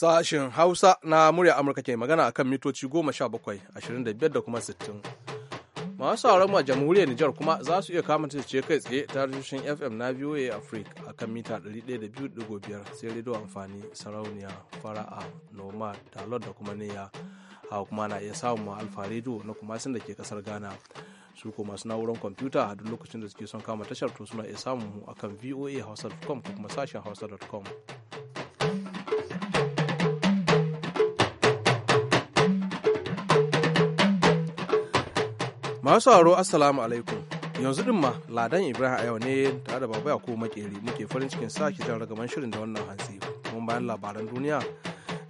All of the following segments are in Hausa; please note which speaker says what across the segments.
Speaker 1: Sashen Hausa na murya Amurka ke magana akan mitoci goma sha bakwai ashirin da biyar da kuma sittin Masu sauran a jamhuriyar Nijar kuma za su iya kama ce kai tsaye ta tashoshin FM na VOA Africa kan mita ɗari ɗaya da 102.5 sai rediyo amfani sarauniya fara'a noma talot da kuma niyya a kuma na iya samun ma alfa rediyo na kuma sun da ke kasar Ghana. su ko masu na'urar kwamfuta a duk lokacin da suke son kama tashar to suna iya samun mu akan voa hausa.com ko kuma sashen hausa.com. masu sauraro assalamu alaikum yanzu din ma ladan ibrahim a yau ne tare da baba yakubu makeri muke farin cikin sake jan ragaman shirin da wannan hantsi kuma bayan labaran duniya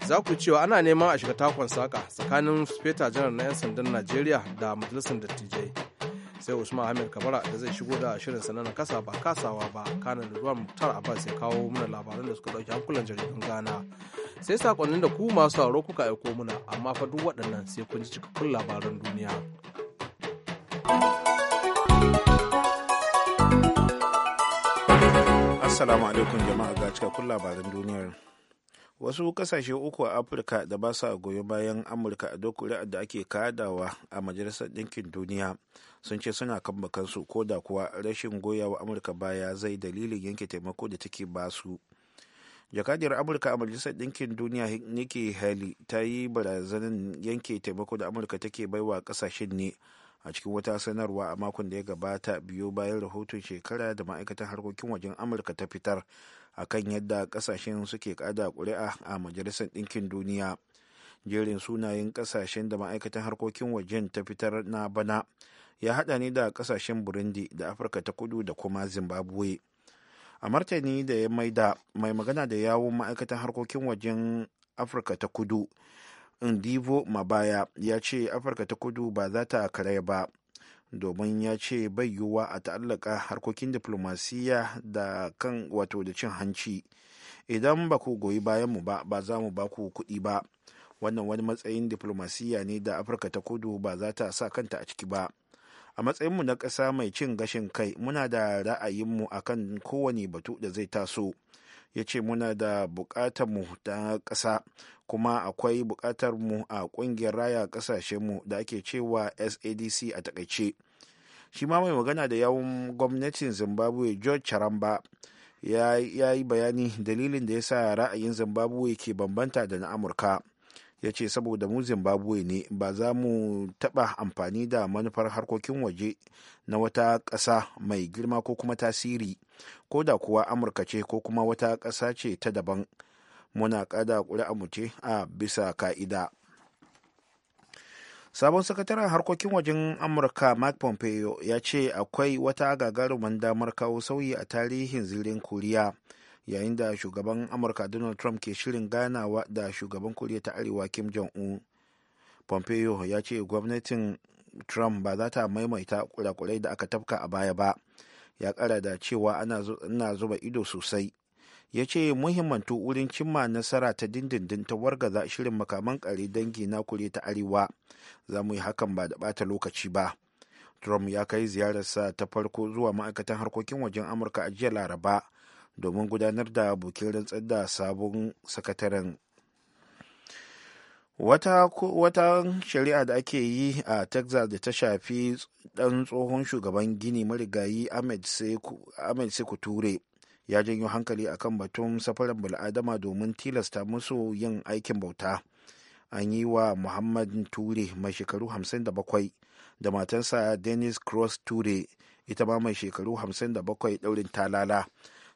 Speaker 1: za ku cewa ana neman a shiga takon saka tsakanin feta janar na 'yan sandan najeriya da majalisar dattijai sai usman ahmed kabara da zai shigo da shirin sanar na kasa ba kasawa ba kana da ruwan mutar abbas ya kawo mana labaran da suka dauki hankulan jaridun gana sai sakonnin da ku masu sauraro kuka aiko muna amma fa duk waɗannan sai kun ji cikakkun labaran duniya
Speaker 2: Assalamu alaikum jama'a ga cikakkun labaran duniyar. Wasu kasashe uku a Afirka da ba sa goyo bayan Amurka a duk kuri'ar da ake kadawa a Majalisar Ɗinkin Duniya sun ce suna kan su ko da kuwa rashin goyawa Amurka baya zai dalilin yanke taimako da take ba su. jakadiyar amurka a majalisar ɗinkin duniya nikki haley ta yi barazanar yanke taimako da amurka take baiwa kasashen ne a cikin wata sanarwa a makon da ya gabata biyo bayan rahoton shekara da ma'aikatan harkokin wajen amurka ta fitar a kan yadda kasashen suke kada kuri'a a majalisar ɗinkin duniya jerin sunayen kasashen da ma'aikatan harkokin wajen ta fitar na bana ya hada ne da kasashen burundi da afirka ta kudu da kuma zimbabwe a martani da ya maida mai magana da yawon ma'aikatan harkokin wajen afirka ta kudu ndivo mabaya ya ce afirka ta kudu ba za ta kare ba domin ya ce bai yiwuwa a ta'allaka harkokin diflomasiyya da kan wato da cin hanci idan ba ku goyi bayanmu ba ba za mu ba ku kuɗi ba wannan wani matsayin diflomasiyya ne da afirka ta kudu ba za ta sa kanta a ciki ba a matsayinmu na ƙasa mai cin gashin kai muna da ra'ayinmu akan kowane batu da zai taso ya ce muna da mu ta ƙasa kuma akwai mu a ƙungiyar raya mu da ake cewa sadc a takaice shi ma mai magana da yawun gwamnatin zimbabwe george charamba ya yi bayani dalilin da ya sa ra'ayin zimbabwe ke bambanta da na amurka ya ce saboda mu zimbabwe ne ba za mu taɓa amfani da manufar harkokin waje na wata ƙasa mai girma ko kuma tasiri ko da kuwa amurka ce ko kuma wata ƙasa ce ta daban muna ƙada ƙuri'a ce a bisa ka'ida sabon sakataren harkokin wajen amurka mark pompeo ya ce akwai wata gagarumin damar kawo sauyi a tarihin zirin koriya yayin da shugaban amurka donald trump ke shirin ganawa da shugaban koriya ta arewa kim jong-un pompeo ya ce gwamnatin trump ba za ta maimaita kurakurai da aka tafka a baya ba ya kara da cewa ana zuba ido sosai ya ce muhimmantu wurin cimma nasara ta dindindin ta wargaza shirin makaman kare dangi na kure ta arewa za mu yi hakan ba da bata lokaci ba trump ya kai ziyararsa ta farko zuwa ma'aikatan harkokin wajen amurka a jiya laraba domin gudanar da bukin rantsar da sabon sakataren wata wata shari'a da ake yi a texas da ta shafi dan tsohon shugaban gini marigayi ahmed seku ture ya janyo hankali akan batun safarar bil'adama domin tilasta musu yin aikin bauta an yi wa muhammad ture mai shekaru 57 da matansa dennis cross ture ita ma mai shekaru 57 daurin talala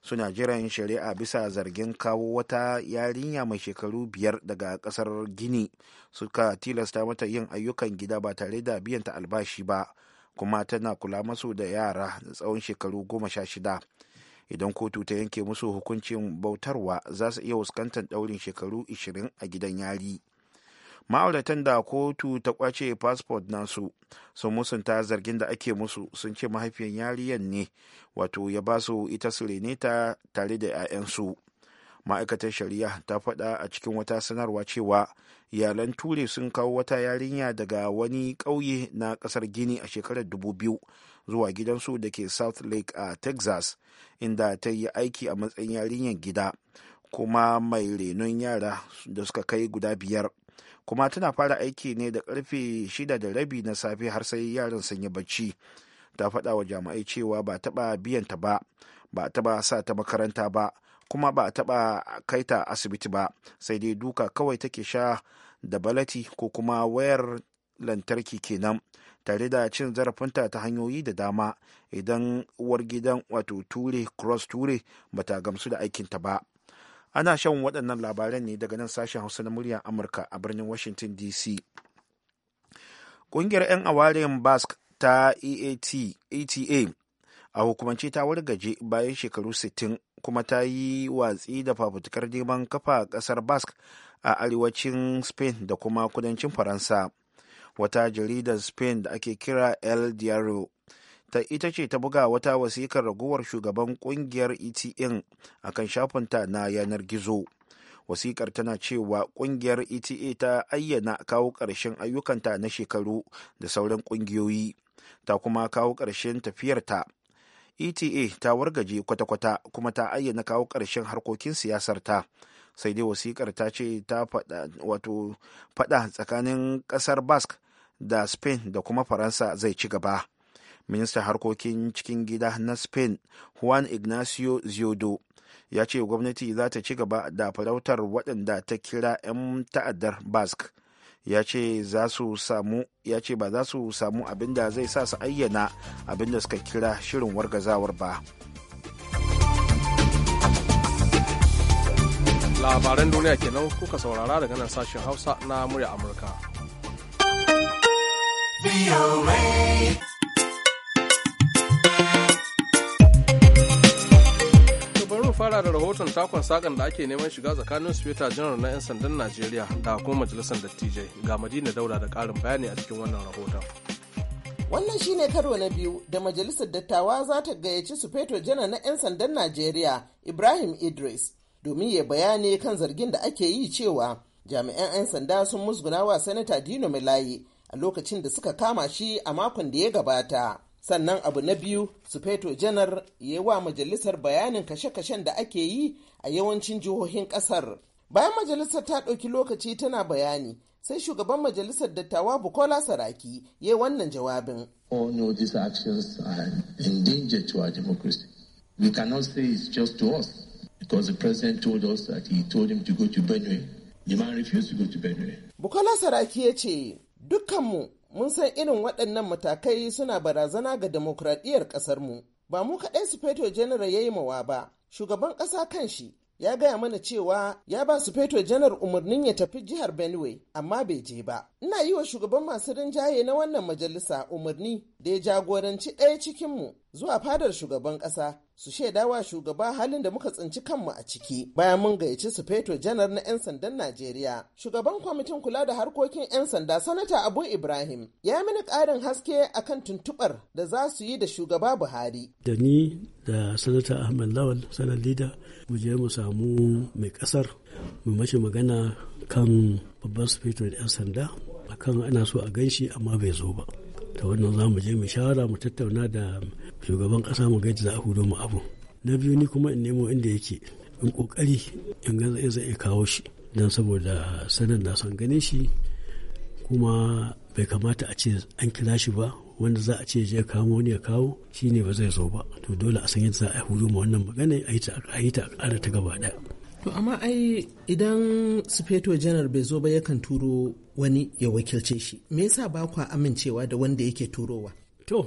Speaker 2: suna jiran shari'a bisa zargin kawo wata yarinya mai shekaru biyar daga kasar gini suka tilasta mata yin ayyukan gida ba tare da biyanta albashi ba kuma tana kula masu da yara tsawon shekaru goma sha shida idan kotu ta yanke musu hukuncin bautarwa za su iya fuskantar daurin shekaru ishirin a gidan yari. ma'auratan da kotu ta kwace fasfot nasu sun musunta zargin da ake musu sun ce mahaifiyan yariyan ne wato ya ba su ita sirenita tare da 'ya'yansu ma'aikatar shari'a ta faɗa a cikin wata sanarwa cewa iyalan ture sun kawo wata yarinya daga wani ƙauye na ƙasar gini a shekarar 2000 zuwa gidansu da ke south lake a texas inda ta yi aiki a matsayin yarinyar gida kuma mai renon yara da suka kai guda biyar kuma tana fara aiki ne da karfe shida da rabi na safe har sai yaran sun yi bacci ta faɗa wa jami'ai cewa ba taɓa biyan ta ba ba taɓa sa ta makaranta ba kuma ba taɓa kai ta asibiti ba sai dai duka kawai take sha da balati ko kuma wayar lantarki kenan tare da cin zarafinta ta hanyoyi da dama idan uwar gidan wato ture cross ture bata gamsu da aikinta ba ana shan waɗannan labaran ne daga nan sashen hausa na muryar amurka a birnin washington dc ƙungiyar 'yan awarin basque ta EAT, e a hukumance ta wargaje bayan shekaru 60 kuma ta yi watsi da fafutukar neman kafa ƙasar basque a arewacin spain da kuma kudancin faransa wata jaridar spain da ake kira el diario ta ita ce ta buga wata wasikar raguwar shugaban kungiyar etn a kan shafinta na yanar gizo wasikar tana cewa kungiyar eta ta ayyana kawo ƙarshen ayyukanta na shekaru da sauran ƙungiyoyi ta kuma kawo ƙarshen tafiyarta eta ta wargaje kwata-kwata kuma ta ayyana kawo ƙarshen harkokin siyasarta sai dai wasikar ta ce ta faɗa tsakanin ƙasar basque da spain da kuma faransa zai ci gaba ministan harkokin cikin gida na spain juan ignacio ziodo ya ce gwamnati za ta ci gaba da farautar waɗanda ta kira 'yan ta'addar basque ya ce ba za su samu abin da zai sa su ayyana abin da suka kira shirin wargazawar ba
Speaker 1: labaran duniya kenan kuka saurara daga nan sashen hausa na murya amurka fara da rahoton takon sakan da ake neman shiga tsakanin sweater janar na 'yan sandan najeriya da kuma majalisar dattijai ga madina daura da karin bayani a cikin wannan rahoton
Speaker 3: wannan shine karo na biyu da majalisar dattawa za ta gayyaci sufeto janar na 'yan sandan najeriya ibrahim idris domin ya bayani kan zargin da ake yi cewa jami'an 'yan sanda sun musguna wa sanata dino milayi a lokacin da suka kama shi a makon da ya gabata sannan abu na biyu sufeto janar ya wa majalisar bayanin kashe-kashen da ake yi a yawancin jihohin kasar bayan majalisar ta ɗauki lokaci tana bayani sai shugaban majalisar dattawa bukola saraki ya yi wannan jawabin We cannot say Bukola Saraki ya ce, Dukkanmu mun san irin waɗannan matakai suna barazana ga demokradiyyar ƙasarmu. Ba mu kaɗai su feto janar ya yi mawa ba, shugaban ƙasa kan shi ya gaya mana cewa ya ba su feto janar umarnin ya tafi jihar Benue, amma bai je ba. ina yi wa shugaban masu rinjaye na wannan majalisa umarni da ya jagoranci ɗaya cikinmu zuwa fadar shugaban ƙasa su shaida wa shugaba halin da muka tsinci kanmu a ciki bayan mun gayyaci su feto janar na 'yan sandan najeriya shugaban kwamitin kula da harkokin 'yan sanda sanata abu ibrahim ya mini ƙarin haske akan tuntuɓar da za su yi da shugaba buhari
Speaker 4: da ni da sanata ahmed lawal sanar lida mu je mu samu mai ƙasar mu mashi magana kan babban feto 'yan sanda akan ana so a gan shi amma bai zo ba ta wannan za mu je mu shawara mu tattauna da shugaban kasa mu gaji za a hudo mu abu na biyu ni kuma in nemo inda yake in kokari in ga zai zai kawo shi dan saboda sanar na son ganin shi kuma bai kamata a ce an kira shi ba wanda za a ce je kamo ne ya kawo shi ne ba zai zo ba to dole a san yadda za a hudo ma wannan magana a yi ta a ƙara ta gaba ɗaya
Speaker 3: To amma ai idan sufeto janar bai zo ba yakan turo wani ya wakilce shi. Me yasa ba
Speaker 4: kwa amincewa da wanda
Speaker 3: yake turowa?
Speaker 4: To,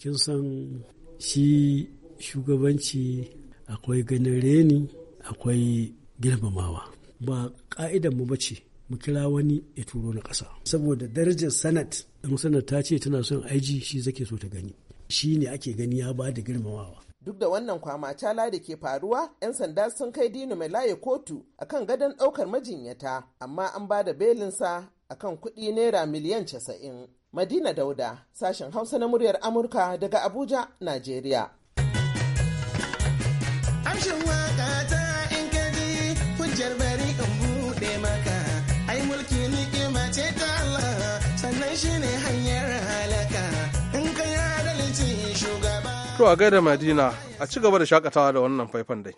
Speaker 4: kin san shi shugabanci akwai ganin reni akwai girmamawa. Ba ka'idan mu bace mu kira wani ya turo na ƙasa. Saboda darajar sanat, ɗan sanat ta ce tana son aiji shi zake so ta gani. Shi ne ake gani ya ba da girmamawa.
Speaker 3: duk da wannan kwamacala da ke faruwa 'yan sanda sun kai dino mai laye kotu akan gadon ɗaukar majinyata amma an ba da belinsa akan kuɗi naira miliyan casa'in madina dauda sashen hausa na muryar amurka daga abuja najeriya
Speaker 1: To a gaida Madina a ci gaba da shakatawa da wannan faifan dai.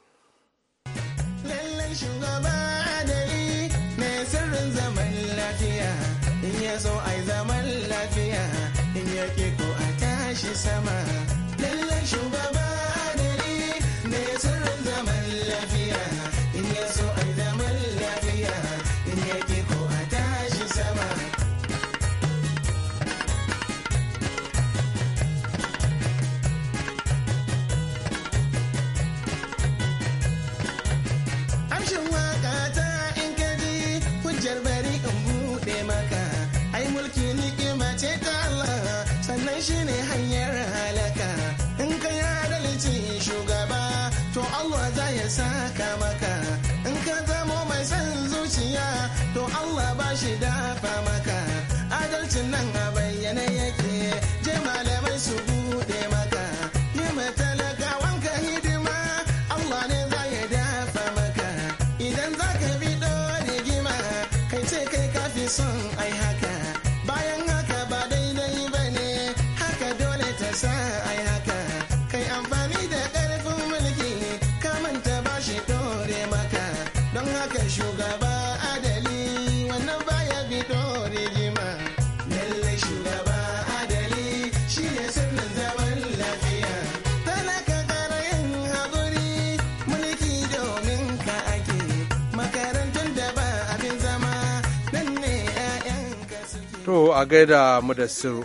Speaker 1: a gaida mu da siru.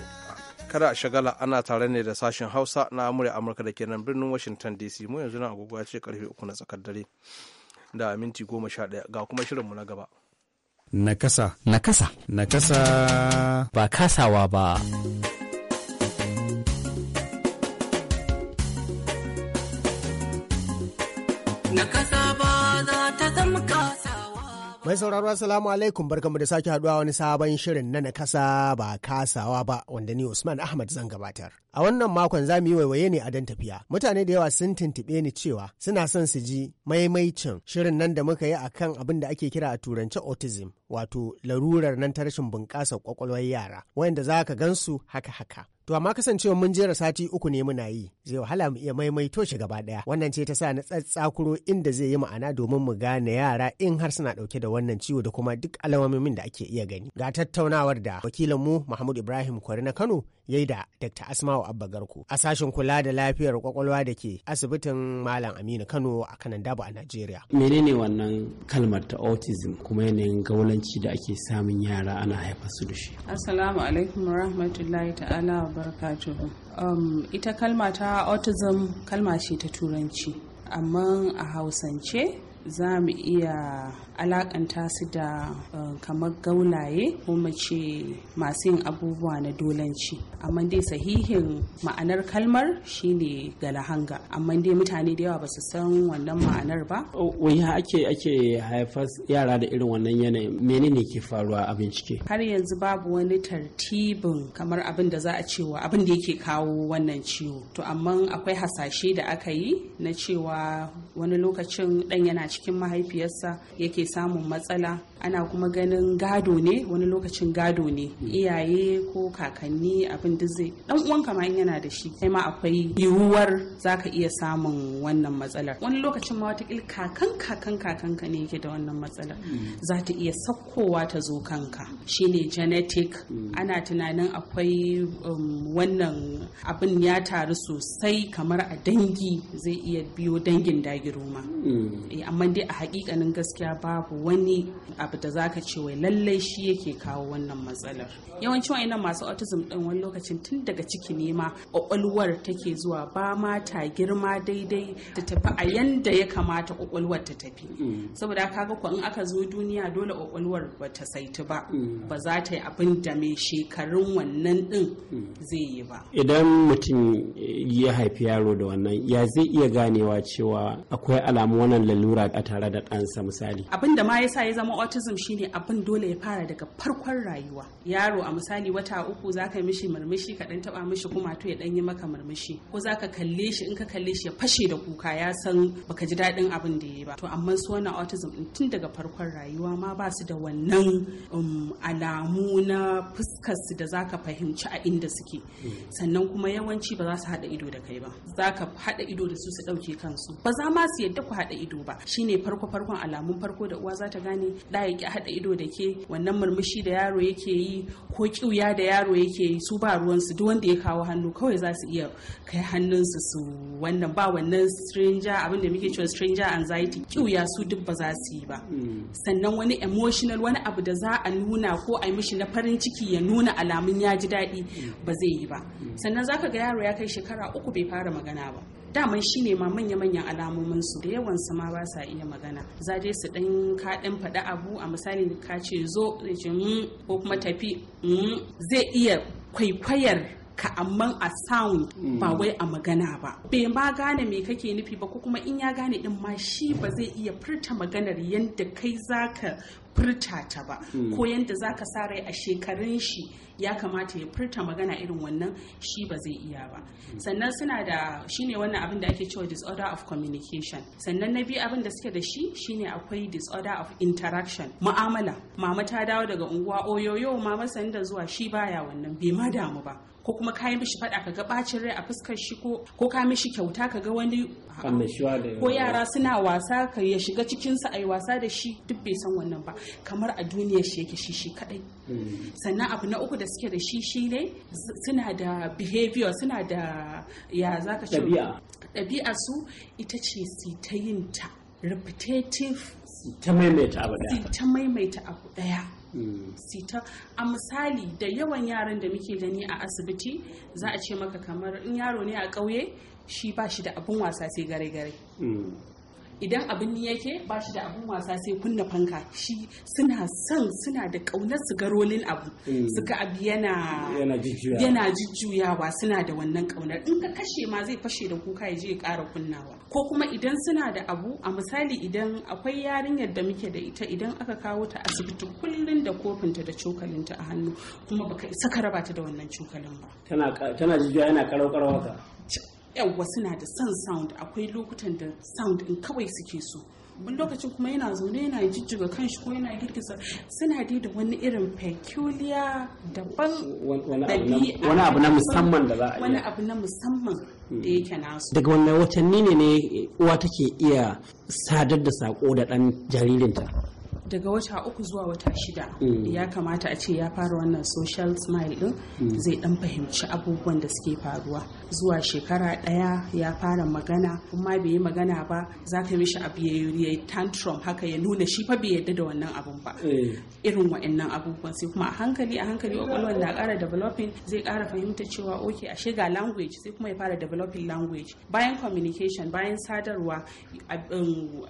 Speaker 1: Kada a shagala ana tare ne da sashen Hausa na Amurka Amurka da ke nan birnin Washington DC mu yanzu na agogo ya ce karfe uku na tsakar dare da minti goma sha ɗaya ga kuma shirinmu na gaba.
Speaker 5: Nakasa. Nakasa. Nakasa. Ba kasawa
Speaker 6: ba.
Speaker 2: Nakasa.
Speaker 7: Mai sauraro Assalamu alaikum barkanmu da sake haduwa wani sabon shirin na kasa ba kasawa ba wanda ni Usman Ahmad zan gabatar. A wannan makon za mu yi waiwaye ne a dan tafiya. Mutane da yawa sun tuntube ni cewa suna son su ji maimaicin shirin nan da muka yi akan abin da ake kira a turance autism wato larurar nan ta rashin bunƙasa kwakwalwar yara wanda za ka gansu haka haka. To amma kasancewa mun jera sati uku ne muna yi zai wahala mu iya maimaito shi gaba ɗaya. wannan ce ta sa na tsatsakuro inda zai yi ma'ana domin mu gane yara in har suna ɗauke da wannan ciwo da kuma duk alamomin da ake iya gani. Ga tattaunawar da wakilanmu Mahmud Ibrahim Kwari na Kano Yai da Dr. Asma'u Abba Garko a sashen kula da lafiyar kwakwalwa da ke asibitin Malam Aminu Kano a kanan dabu a Najeriya.
Speaker 4: Menene wannan kalmar ta autism kuma yanayin gaulanci da ake samun yara ana haifar su da shi?
Speaker 7: Assalamu alaikum
Speaker 6: rahmatullahi ta'ala wa barakatuhu. Um, ita kalma ta autism kalma ce ta turanci amma a hausance za mu iya alakanta su da eh, kamar gaulaye ko mace masu yin abubuwa na dolanci amma dai sahihin ma'anar kalmar shine galahanga amma dai mutane da yawa ba su san wannan ma'anar ba oh,
Speaker 4: Wani ake ake haifar yara da irin wannan yanayi menene ke faruwa a bincike
Speaker 6: har yanzu babu wani tartibin kamar abin da za a cewa abin da yake kawo wannan ciwo to amma akwai hasashe da aka yi na cewa wani lokacin dan yana cikin mahaifiyarsa yake samun matsala ana kuma ganin gado ne wani lokacin gado ne iyaye ko kakanni abin da zai dan uwanka ma in yana da shi Sai ma akwai yiwuwar zaka iya samun wannan matsalar wani lokacin ma wata kakan kakan ka ne yake da wannan matsalar mm. za ta iya sakkowa ta zo kanka shine genetic mm. ana tunanin akwai um, wannan abin ya taru sosai kamar a dangi zai iya biyo dangin dagiroma mm. eh, amma dai a hakikanin gaskiya babu wani abu da zaka ce wai lallai shi yake kawo wannan matsalar yawancin wayannan masu autism din wani lokacin tun daga ciki ne ma kwakwalwar take zuwa ba ma ta girma daidai ta tafi a yanda ya kamata kwakwalwar ta tafi mm. saboda kaga ko in aka zo duniya dole kwakwalwar ba ta saitu ba mm. ba za ta yi abin da mai shekarun wannan din mm. zai yi ba idan
Speaker 4: mutum ya haifi yaro da wannan ya zai iya ganewa cewa akwai alamu wannan lalura a tare da ɗansa misali
Speaker 6: abin da ma yasa ya zama autism autism shine abin dole ya fara daga farkon rayuwa yaro a misali wata uku zaka mishi murmushi ka dan taba mishi kuma to ya dan yi maka murmushi ko zaka kalle shi in ka kalle shi ya fashe da kuka ya san baka ji dadin abin da yayi ba to amma su wannan autism din tun daga farkon rayuwa ma ba su da wannan um, alamu na fuskar su da zaka fahimci a inda suke hmm. sannan kuma yawanci ba za su haɗa ido da kai ba zaka haɗa ido da su su ɗauke kansu ba za ma su yadda ku haɗa ido ba shine farko farkon alamun farko da uwa za ta gane ɗaya ki haɗa ido da ke wannan murmushi da yaro yake yi ko kiuya da yaro yake yi su ba ruwansu duk wanda ya kawo hannu kawai za su iya kai hannunsu su wannan ba wannan stranger abin da muke cewa stranger anxiety kiuya su duk ba za su yi ba hmm. sannan wani emotional wani abu da za a nuna ko a yi mishi na farin ciki ya nuna alamun ya ji daɗi hmm. ba zai yi ba hmm. sannan zaka ga yaro ya kai shekara uku bai fara magana ba daman shine ma manya-manyan alamomin su da yawan su ma ba sa iya magana za dai su dan ka dan faɗa abu a misali ka ce zo mm, ko kuma tafi mm, zai iya kwaikwayar ka amman a sound mm. ba wai a magana ba bai ma gane me kake nufi ba ko kuma in ya gane din ma shi ba zai iya furta maganar yadda kai zaka furta ta ba mm. ko yadda zaka sa rai a shekarun shi ya kamata ya furta magana irin wannan shi ba zai iya ba mm. sannan suna da shine wannan abin da ake cewa disorder of communication sannan na biyu abin da suke da shi shine akwai disorder of interaction mu'amala mama ta dawo daga unguwa oyoyo mama sanda zuwa shi baya wannan bai ma damu ba ko kuma ka yi mishi faɗa ka ga bacin rai a fuskar shi ko ko ka mishi kyauta kaga ga wani ko yara suna wasa ka ya shiga cikin a ayi wasa da shi duk bai san wannan ba kamar a duniya shi yake shi shi kadai hmm. sannan abu na uku da suke da shi shi ne suna da behavior suna da ya zaka ce ɗabi'a su ita ce su ta yin ta repetitive
Speaker 4: ta maimaita abu daya
Speaker 6: ta maimaita abu daya sita a misali da yawan yaran da muke gani a asibiti za a ce maka kamar in yaro ne a ƙauye shi ba shi da abin wasa sai gare-gare idan abin ni yake ba shi da abun wasa sai kunna fanka shi suna son suna da kaunar su rolin abu mm. suka abi yana yana jujjuyawa suna da wannan kaunar in ka kashe ma zai fashe da kuka ya je ya ƙara kunnawa ko kuma idan suna da abu a misali idan akwai yarinyar da muke da ita idan aka kawo ta asibiti kullum da kofinta da cokalinta a hannu kuma baka isa ka raba ta da wannan cokalin
Speaker 4: ba tana jujjuya yana karau karau haka
Speaker 6: yawwa suna da son sound akwai lokutan da sound in kawai suke so wani lokacin kuma yana zaune yana jijjiga kanshi ko yana girgiza suna dai da wani irin peculiar daban
Speaker 4: wani
Speaker 6: abu na musamman da za a wani abu na musamman hmm. da yake nasu daga wannan
Speaker 4: watanni ne ne uwa take iya sadar da sako da dan jaririnta
Speaker 6: daga wata uku zuwa wata shida hmm. ya kamata a ce ya fara wannan social smile din hmm. zai dan fahimci abubuwan da suke faruwa zuwa shekara ɗaya ya fara magana kuma bai yi magana ba za ka mishi abu ya yi tantrum haka ya nuna shi fa bai yadda da wannan abun ba eh. irin wa'annan abubuwan sai kuma a hankali a hankali kwakwalwar na ƙara developing zai ƙara fahimta cewa ok ashe ga language sai kuma ya fara developing language bayan communication bayan sadarwa um,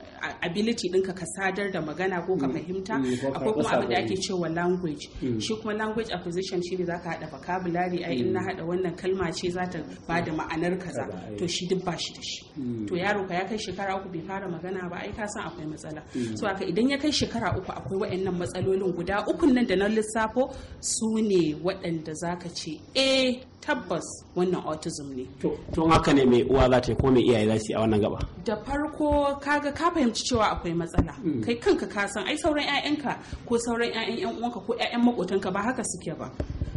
Speaker 6: ability ɗinka ka sadar da magana ko ka mm. fahimta mm, akwai kuma abu da ake cewa language mm. shi kuma language acquisition shi ne za ka haɗa vocabulary ai in na haɗa wannan kalma ce za ta ba da ma'anar kaza eh. to shi duk ba shi da shi hmm. to yaro ka ya kai shekara uku bai fara magana ba ai ka san akwai matsala hmm. so haka idan ya kai shekara uku akwai waɗannan matsalolin guda uku nan da na lissafo su ne waɗanda zaka ce eh tabbas wannan autism ne.
Speaker 4: To haka ne mai uwa za ta yi ko mai iyaye za su yi a wannan gaba?
Speaker 6: Da farko kaga ka fahimci cewa akwai matsala. Hmm. Kai kanka ka san ai sauran 'ya'yanka ko sauran 'ya'yan 'yan uwanka ko 'ya'yan makotanka ba haka suke ba.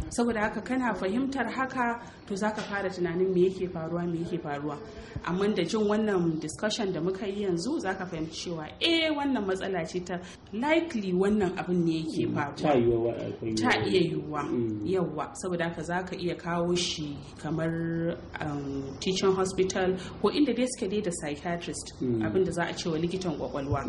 Speaker 6: saboda haka kana fahimtar haka to zaka fara tunanin me yake faruwa me yake faruwa amma da jin wannan discussion da muka yi yanzu zaka fahimci cewa eh wannan matsala ce ta likely wannan abin ne yake mm, faruwa
Speaker 4: ta iya yiwuwa
Speaker 6: mm. yawa saboda haka ka iya kawo shi kamar um, teaching hospital ko inda dai suke dai da psychiatrist mm. abin da za a ce wa likitan kwakwalwa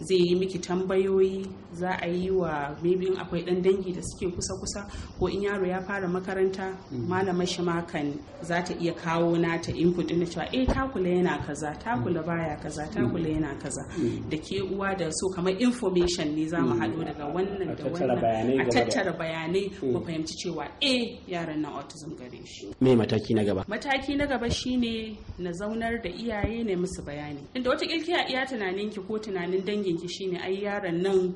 Speaker 6: zai yi miki tambayoyi za a yi wa maybe akwai dan dangi da suke kusa kusa ko in ya yaro ya fara makaranta mm. malamar shi makan za ta iya kawo nata input ina cewa eh takula yana kaza takula mm. baya kaza takula mm. yana kaza da ke uwa da so kamar information ne za mu hado daga wannan da wannan a tattara bayanai mu fahimci cewa eh yaran na autism gare
Speaker 4: shi me mataki na gaba
Speaker 6: mataki na gaba shine na zaunar da iyaye ne musu bayani inda wata kilkiya iya tunanin ki ko tunanin dangin ki shine ai yaron nan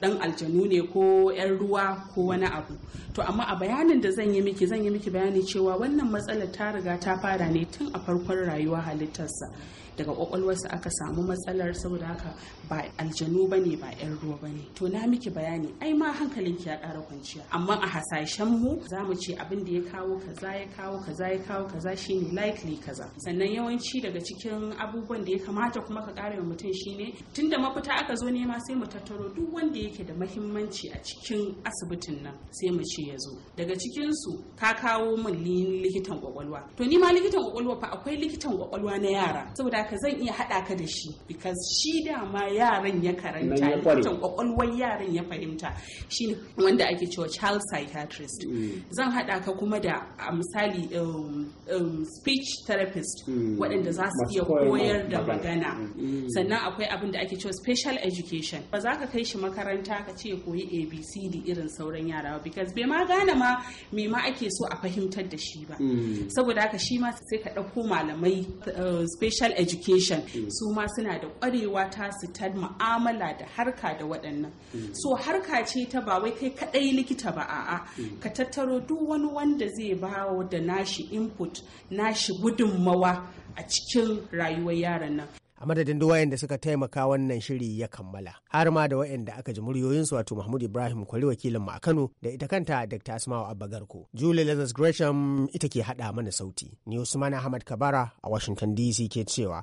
Speaker 6: dan um, aljanu ne ko yan ruwa ko wani abu to amma a bayanin da zan yi miki zan yi miki bayani cewa wannan matsalar ta riga ta fara ne tun a farkon rayuwa halittarsa daga kwakwalwarsa aka samu matsalar saboda haka ba aljanu ba ne ba yan ruwa ba ne to na miki bayani ai ma hankalin ki ya ƙara kwanciya amma a hasashen mu za mu ce abin da ya kawo kaza ya kawo kaza ya kawo kaza shine likely kaza sannan yawanci daga cikin abubuwan da ya kamata kuma ka ƙara mutum shine tunda mafita aka zo nema sai mu tattaro duk wanda yake da mahimmanci a cikin asibitin nan sai mu ce ya zo daga cikinsu ka kawo min likitan kwakwalwa to ni ma likitan kwakwalwa fa akwai likitan kwakwalwa na yara saboda ka zan iya haɗa ka da shi because shi dama yaran ya karanta likitan kwakwalwar yaran ya fahimta shi wanda ake cewa child psychiatrist mm. zan haɗa ka kuma da a misali um, um, speech therapist mm. waɗanda za su iya koyar da magana mm. sannan akwai abin da ake cewa special education ba za ka kai shi makaranta ka ce koyi abcd irin sauran yara because bai ma gane dole ma me ma ake so a fahimtar da shi ba mm. saboda haka shi ma sai ka ɗauko malamai eh, special education mm. su ma suna da ƙwarewa ta su ta mu'amala da harka da waɗannan mm. so harka ce ta ba wai kai kaɗai likita ba a'a ka tattaro duk wani wanda zai ba da nashi input nashi gudunmawa a cikin rayuwar yaran nan
Speaker 7: a madadin duk wayanda suka taimaka wannan shiri ya kammala har ma da wayanda aka ji muryoyinsu wato mahmud ibrahim kwari wakilin mu a kano da ita kanta dr asma'u abba garko julie lazarus gresham ita ke haɗa mana sauti ni usman ahmad kabara a washington dc ke cewa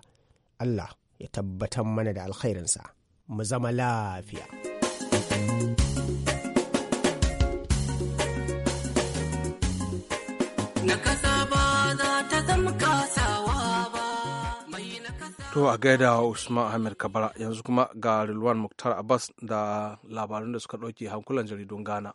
Speaker 7: allah ya tabbatar mana da alkhairinsa mu zama lafiya
Speaker 2: na kasa
Speaker 1: To a gaida Usman Ahmed Kabara yanzu kuma ga Rilwan Muktar Abbas da labaran da suka ɗauke hankulan jaridun Ghana.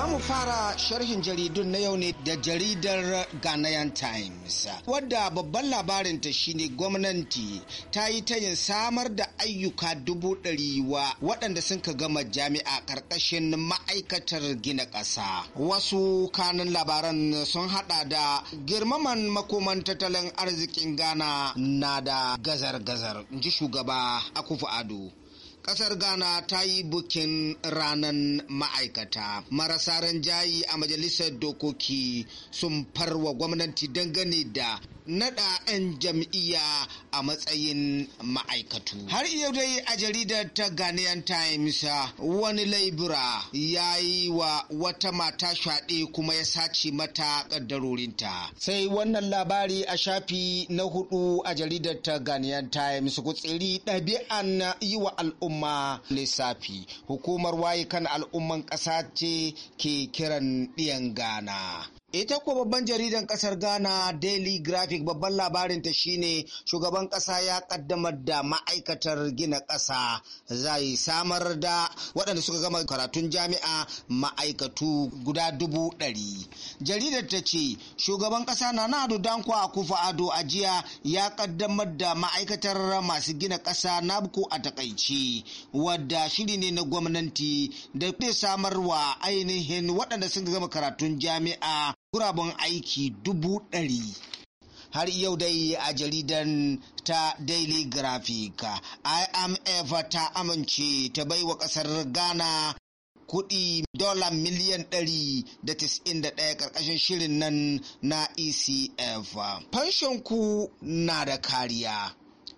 Speaker 5: Za mu fara sharhin jaridun na yau ne da jaridar Ghanaian Times, wadda babban labarinta shine gwamnati ta yi tayin samar da ayyuka dubu ɗari wa waɗanda sun ka gama jami'a ƙarƙashin ma'aikatar gina ƙasa. Wasu kanan labaran sun haɗa da girmaman makoman tattalin arzikin Ghana na da gazar-gazar, in ji shugaba Akufu Ado. Ƙasar Ghana ta yi bukin ranar ma'aikata. Marasa ran jayi a majalisar dokoki sun farwa gwamnati dangane da naɗa 'yan jam'iyya a matsayin ma'aikatu. Har yau dai a jaridar ta Ghanaian Times wani laibura ya yi wa wata mata shaɗe kuma ya sace mata ƙaddarorinta. Sai wannan labari a shafi na hudu a jaridar ta Ghanaian Times kutsiri ɗabi'an yi wa al'umma lissafi. Hukumar waye kan al'umman ƙasa ce ke kiran ɗiyan Ghana. Ita kuwa babban jaridan kasar Ghana Daily Graphic babban labarinta shine shugaban kasa ya kaddamar da ma'aikatar gina kasa zai samar da waɗanda suka gama karatun jami'a ma'aikatu guda dubu ɗari. Jaridar ta ce shugaban kasa na Nadu Danko kufa Ado ajiya ya kaddamar da ma'aikatar masu gina kasa Nabko a takaici wadda shiri ne na gwamnati da samarwa ainihin waɗanda suka gama karatun jami'a guraben aiki dubu ɗari. har yau dai a jaridan ta daily graphic imf ta amince ta baiwa ƙasar ghana kuɗi dola miliyan ɗari da tis'in da ɗaya ƙarƙashin shirin nan na ecf fanshon ku na da kariya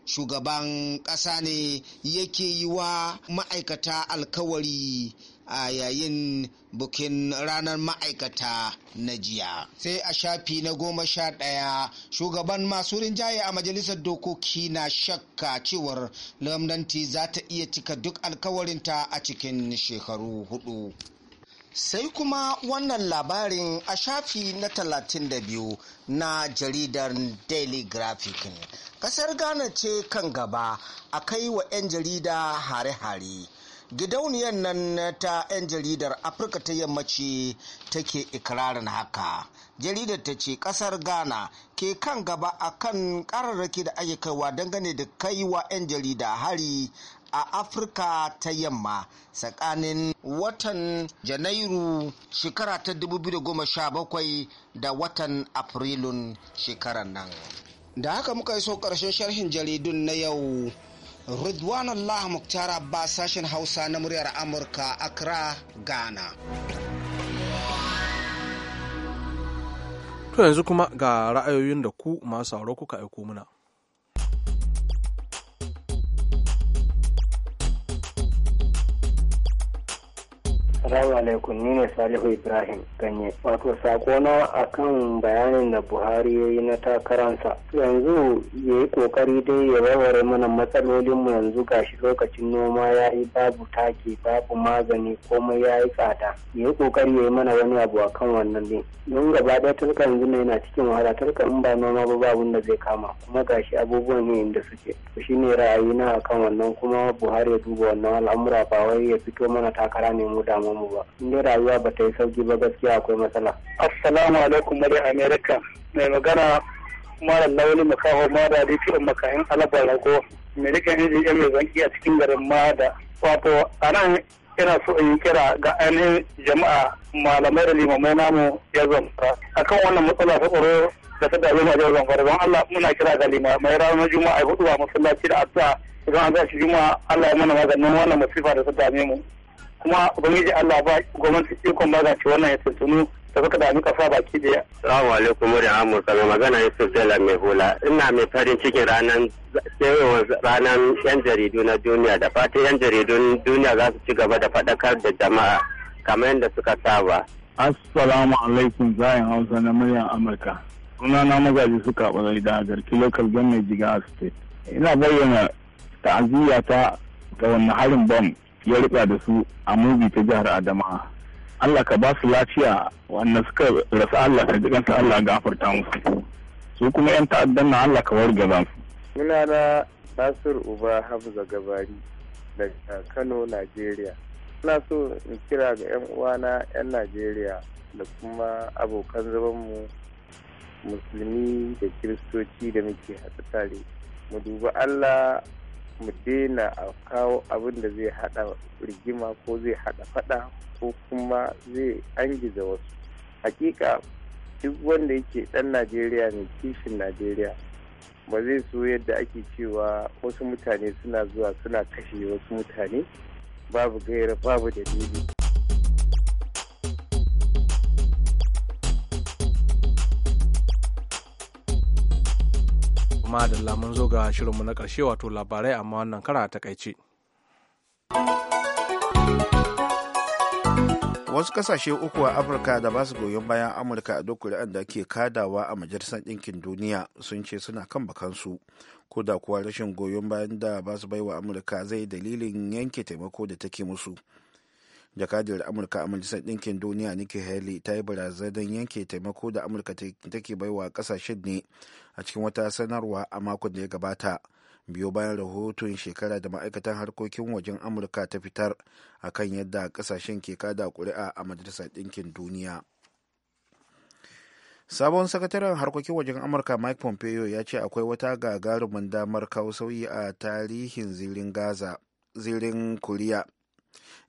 Speaker 5: shugaban ƙasa ne yake yi wa ma'aikata alkawari a yayin bukin ranar ma'aikata na jiya sai a shafi na goma sha ɗaya shugaban masu rinjaye a majalisar dokoki na shakka cewar gwamnati za ta iya cika duk alkawarinta a cikin shekaru hudu sai kuma wannan labarin a shafi na talatin da biyu na jaridar daily graphic kasar ghana ce kan gaba a kai wa 'yan jarida hare-hare gidauniyar nan ta 'yan jaridar afirka ta yammaci take ikirarin haka jaridar ta ce kasar ghana ke kan gaba a kan kararraki da ake kaiwa dangane da kaiwa 'yan jarida hari a afirka ta yamma tsakanin watan janairu shekara ta 2017 da watan afrilun shekarar nan da haka muka yi so ƙarshen sharhin jaridun na yau Allah Muktar Abbas sashen Hausa na muryar Amurka Accra, Ghana.
Speaker 1: To yanzu kuma ga ra'ayoyin da ku masu kuka aiko muna. Assalamu alaikum ni ne Salihu Ibrahim
Speaker 7: Ganye. Wato sako sakona akan bayanin da Buhari ya yi na takaransa. Yanzu ya yi kokari dai ya warware mana matsalolinmu yanzu gashi lokacin noma ya yi babu taki babu magani komai ya yi tsada. Ya yi kokari ya yi mana wani abu akan wannan ne. Don gaba ɗaya tulka yanzu ne yana cikin wahala tulka in ba noma ba babu da zai kama kuma gashi abubuwan ne inda suke. Shi ne ra'ayi na akan wannan kuma Buhari ya duba wannan al'amura ba wai ya fito mana takara ne mu damu mu ba inda rayuwa ba ta yi sauki ba gaskiya akwai matsala assalamu alaikum mare america mai magana malam launin
Speaker 1: makaho mada da ke makayin alabar rago mai ne injin mai zanki a cikin garin mada wato a nan ina so in kira ga ainihin jama'a malamai da limamai namu ya zamfara akan wannan matsala ta tsaro da ta dame a jihar zamfara don allah muna
Speaker 5: kira ga limamai ranar juma'a ya hudu a masallaci da addu'a idan an tashi juma'a allah ya mana maganin wannan masifa da ta dame mu kuma ubangiji Allah ba gwamnati ikon magance wannan ya tuntunu da suka dami kasa baki daya.
Speaker 7: Assalamu alaikum murin Amurka mai magana Yusuf Dala mai hula. Ina mai farin cikin ranar ranar yan jaridu na duniya da fatan yan jaridun duniya za su ci gaba da faɗakar da jama'a kamar yadda suka saba.
Speaker 2: Assalamu alaikum zayin Hausa na murya Amurka. Sunana magaji suka ɓarai da garki local government jiga state. Ina bayyana ta'aziyya ga wannan harin bom ya riƙa da su a mubi ta jihar adama. allah ka ba su lafiya wanda suka rasa allah ka jikansa allah gafarta musu su kuma yan ta'addan na allah ka za su muna na nasir uba hafza gabari daga kano nigeria suna so in kira ga 'yan uwana 'yan nigeria da kuma abokan zamanmu musulmi da kiristoci da muke haɗu tare mu duba allah mu daina a kawo abin da zai hada rigima ko zai hada fada ko kuma zai angiza wasu
Speaker 7: hakika duk wanda yake dan najeriya mai kishin najeriya
Speaker 2: ba zai so yadda ake cewa wasu mutane suna zuwa suna kashe wasu mutane babu gaira babu dalili
Speaker 1: da lamun zo ga shirinmu na ƙarshe wato labarai amma wannan kara takaice.
Speaker 2: wasu kasashe uku a afirka da ba su goyon bayan amurka a duk kuri'an da ke kadawa a majalisar ɗinkin duniya sun ce suna kan bakansu ko da kuwa rashin goyon bayan da ba su baiwa amurka zai dalilin yanke taimako da take musu jakadiyar amurka a majalisar ɗinkin duniya nikki haley ta yi barazanar yanke taimako da amurka take baiwa ƙasashen ne a cikin wata sanarwa a makon da ya gabata biyo bayan rahoton shekara da ma'aikatan harkokin wajen amurka ta fitar a kan yadda ƙasashen ke kada ƙuri'a a majalisar ɗinkin duniya sabon sakataren harkokin wajen amurka mike pompeo ya ce akwai wata gagarumin damar kawo sauyi a tarihin zirin gaza zirin kuriya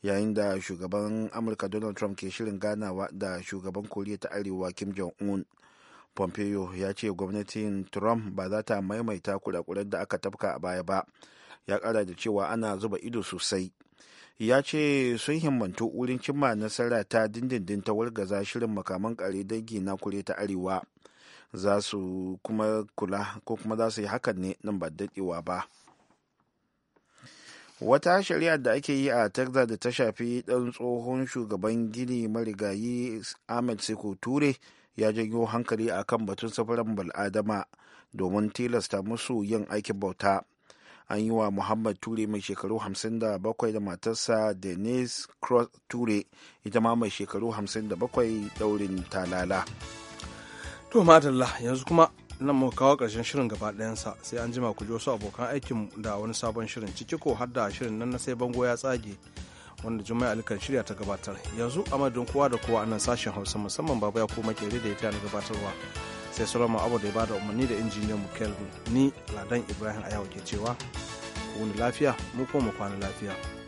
Speaker 2: yayin da shugaban amurka donald trump ke shirin ganawa da shugaban koriya ta arewa kim jong-un pompeo ya ce gwamnatin trump ba za ta maimaita kurakuren da aka tafka a baya ba ya kara da cewa ana zuba ido sosai ya ce sun himmantu wurin cimma nasara ta dindindin ta wargaza shirin makaman kare dangi na kure ta arewa za su kuma kula ko kuma za su yi hakan ne nan ba daɗewa ba wata shari'ar da ake yi a texas da ta shafi ɗan tsohon shugaban gini marigayi ahmed seko ture ya janyo hankali a kan batun safaran bal'adama domin tilasta musu yin aikin bauta an yi wa muhammad ture mai shekaru 57 da matarsa denise cross ture ita ma mai shekaru 57 daurin talala to madalla yanzu kuma nan
Speaker 1: muka kawo ƙarshen shirin gaba ɗayansa sai an jima ku ji wasu abokan aikin da wani sabon shirin ciki ko har da shirin nan na sai bango ya tsage wanda juma'a alikan shirya ta gabatar yanzu a madadin kowa da kowa a nan sashen hausa musamman babu ya koma ke da ita na gabatarwa sai solomon abu da ya bada umarni da injiniyan mu kelvin ni ladan ibrahim a ke cewa ku wani lafiya mu kuma mu kwana lafiya